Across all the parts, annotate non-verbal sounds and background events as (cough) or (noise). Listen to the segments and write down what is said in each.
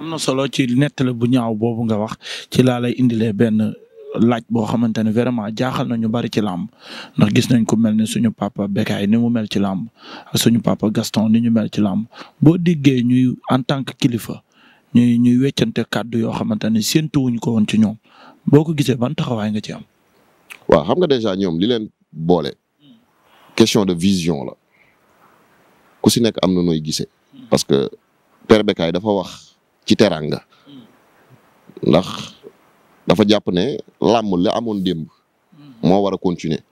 am na solo ci nettali bu ñaaw boobu nga wax ci laa lay indilee benn laaj boo xamante ne vraiment jaaxal na ñu bari ci làmb ndax gis nañ ko mel ni suñu papa Bécaye ni mu mel ci làmb ak suñu papa Gaston ni ñu mel ci làmb boo diggee ñuy en tant que kilifa ñuy ñuy weccante kàddu yoo xamante ne séentuwuñ ko woon ci ñoom boo ko gisee ban taxawaay nga ci am. waaw xam nga déjà ñoom li leen boole. question de vision la ku si nekk am na nooy gisee. parce que Père Bécaye wax. ci teraanga ndax dafa jàpp ne làmb la amoon démb moo war a continuer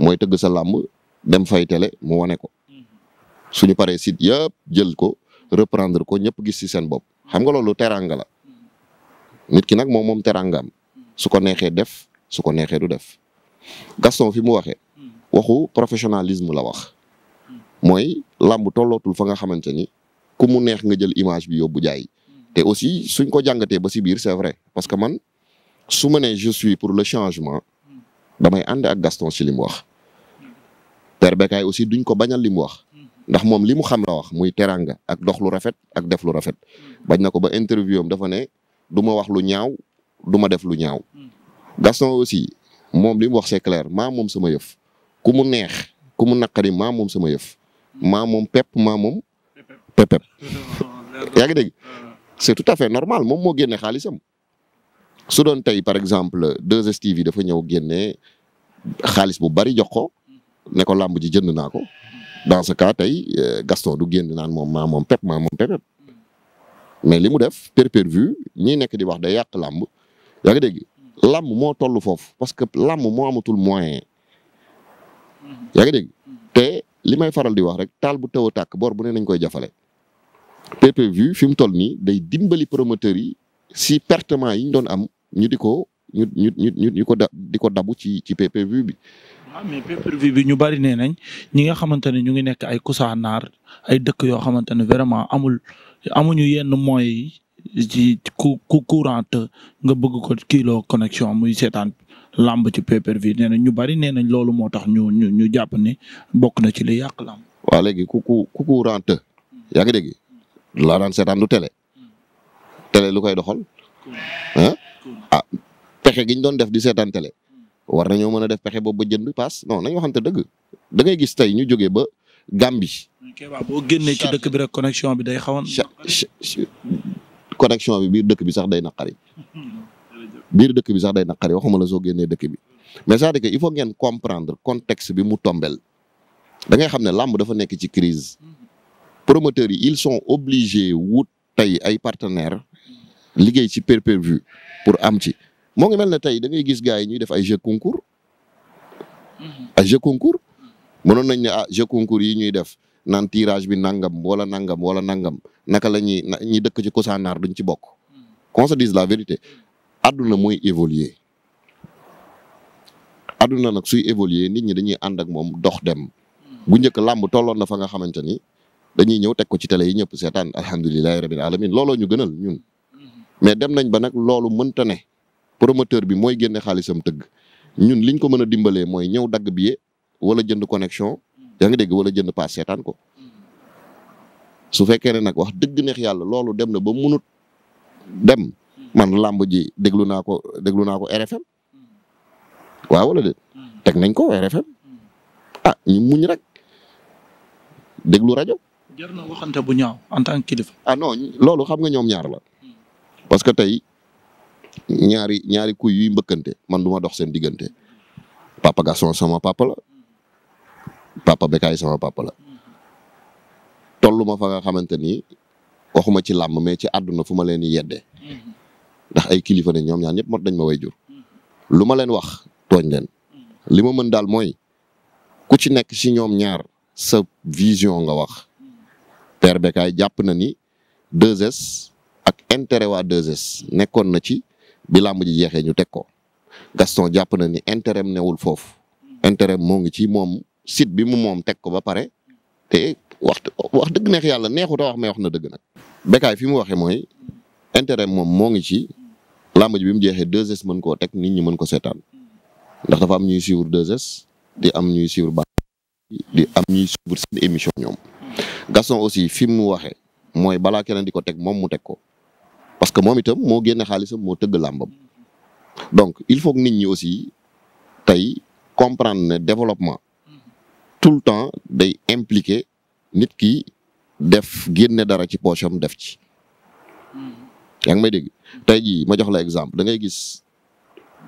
mooy tëgg sa làmb dem fay télé mu wane ko suñu paree site yëpp jël ko reprendre ko ñëpp gis ci seen bopp xam nga loolu teraanga la nit ki nag moom moom terangam su ko neexee def su ko neexee du def Gaston fi mu waxee waxu professionnalisme la wax mooy làmb tollootul fa nga xamante ni ku mu neex nga jël image bi yóbbu jaay te aussi suñ ko jàngatee ba si biir c'est vrai parce que man su ma nee je pour le changement damay ànd ak Gaston si li mu wax. Père Bécaye aussi duñ ko bañal li mu wax ndax moom li mu xam la wax muy teranga ak dox lu rafet ak def lu rafet bañ na ko ba interview am dafa ne du ma wax lu ñaaw du ma def lu ñaaw. Gaston aussi moom li mu wax c'est clair maa moom sama yëf ku mu neex ku mu naqari maa moom sama yëf maa moom pepp maa moom. pepep yaa ngi dégg c'est tout à fait normal moom moo génne xaalisam su tey par exemple 2STV dafa ñëw génne xaalis bu bari jox ko ne ko làmb ji jënd naa ko dans ce cas tey euh, Gaston du génn naan moom maa moom pep maa moom pep mais li mu def pay-per-view ñi nekk di wax day yàq làmb yaa ngi lamb làmb moo toll foofu parce que làmb moo amatul moyen yaa ngi te li may faral di wax rek taal bu taw a tàkk bor bu ne nañ koy jafale PPV fi mu toll nii day dimbali promoteurs yi si pertement yi ñu doon am ñu di ko ñu ñu ñu ñu ko da di ko dabu ci ci PPV bi. waaw ah, mais bi ñu bari nee nañ ñi nga xamante ne ñu ngi nekk ay Kousanaar ay dëkk yoo xamante ne vraiment amul amuñu yenn moyens ci ku ku courant nga bëgg ko kilo connexion muy seetaan lamb ci PPV nee nañ ñu bari nee nañ loolu moo tax ñu ñu ñu jàpp ni bokk na ci lu yàq lamb. waa léegi ku ku ku courant yaa ngi dégg laa daan seetaan du télé télé lu koy doxal a ah pexe gi ñu doon def di seetaan télé war nañoo mën a def pexe boobu ba jënd paas non nañu waxante dëgg da ngay gis tey ñu jógee ba Gàmbi. boo génnee ci dëkk bi rek bi day xawoon. connexion bi biir dëkk bi sax day naqari (laughs) biir dëkk bi sax day naqari waxuma la soo génnee dëkk bi mais c'est-à-dire il faut ngeen comprendre contexte bi mu tombel da ngay xam ne làmb dafa nekk ci crise mm-hmm. promoteurs yi ils son obligés wut tey ay partenaires liggéey ci pay-per-view pour am ci moo ngi mel ne tey da ngay gis gars yi ñuy def ay jeux concours mm-hmm. ay jeux concours mënoon nañ ne ah jeux concours yi ñuy def naan tirage bi nangam wala nangam wala nangam naka la ñuy ñi dëkk ci kosaanaar duñ ci bokk mm-hmm. qu'on se dise la vérité àdduna mooy évoluer àdduna nag suy évoluer nit ñi dañuy ànd ak moom dox dem mm-hmm. bu njëkk làmb tolloon na fa nga xamante ni dañuy ñëw tek ko ci télé yi ñëpp seetaan alhamdulilahi rabbil alamin looloo ñu gënal ñun mais dem nañ ba nag loolu mënta ne promoteur bi mooy génne xaalisam tëgg ñun liñ ko mën a dimbalee mooy ñëw dagg billet wala jënd connexion yaa ngi dégg wala jënd paas seetaan ko su fekkee ne nag wax dëgg ne yàlla loolu dem na ba munut dem man làmb ji déglu naa ko déglu naa ko RFM waaw wala déet teg nañ ko RFM ah ñu muñ rek déglu rajo jar na waxante bu ñaaw en tant que kilifa. ah non loolu xam nga ñoom ñaar la. parce que tey ñaari ñaari kuy yuy mbëkkante man du ma dox seen diggante. papa Gaston sama papa la. papa Bekaay sama papa la. ma fa nga xamante ni waxuma ci làmm mais ci àdduna fu ma leen di ndax ay kilifa ne ñoom ñaar ñëpp mot dañ ma way jur. lu ma leen wax tooñ leen. li ma mën daal mooy ku ci nekk ci ñoom ñaar sa vision nga wax. père Bécaye jàpp na ni 2S ak intérêt waa 2S nekkoon na ci bi làmb ji jeexee ñu teg ko Gaston jàpp na ni intérêt am newul foofu intérêt moo ngi ci moom sit bi mu moom teg ko ba pare te wax wax dëgg neex yàlla neexut a wax mais wax na dëgg nag. Bécaye fi mu waxee mooy intérêt moom moo ngi ci làmb ji bi mu jeexee 2 mën koo teg nit ñi mën ko seetaan ndax dafa am ñuy suivre 2S di am ñuy suivre ba di am ñuy suivre seen émission ñoom. Gaston aussi fi mu waxee mooy balaa keneen di ko teg moom mu teg ko parce que moom itam moo génne xaalisam moo tëgg làmbam donc il faut que nit ñi aussi tey comprendre ne développement tout le temps day impliquer nit ki def génne dara ci poche am def ci. yaa ngi may dégg tey jii ma jox la exemple da ngay gis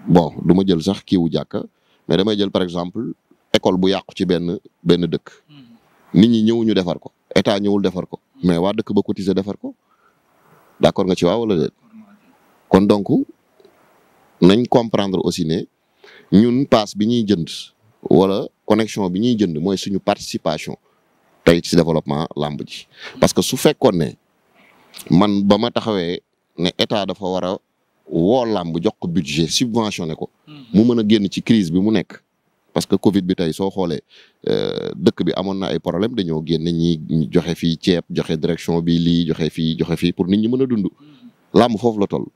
bon du ma jël sax kii wu jàkka mais damay jël par exemple école bu yàqu ci benn benn dëkk. nit ñi ñëwuñu defar ko état ñëwul defar ko mais waa dëkk ba cotiser defar ko d'accord nga ci waaw wala déet kon donc nañ comprendre aussi ne ñun paas bi ñuy jënd wala connexion bi ñuy jënd mooy suñu participation tey ci développement làmb parce que su fekkoon ne man ba ma taxawee ne état dafa war a woo làmb jox ko budget subventionné ko mu mën a génn ci crise bi mu nekk parce que Covid bi tey soo xoolee euh, dëkk bi amoon na ay problème dañoo génn ñi joxe fii ceeb joxe direction bi lii joxe fii joxe fii pour nit ñi mën a dund mm-hmm. làmb foofu la toll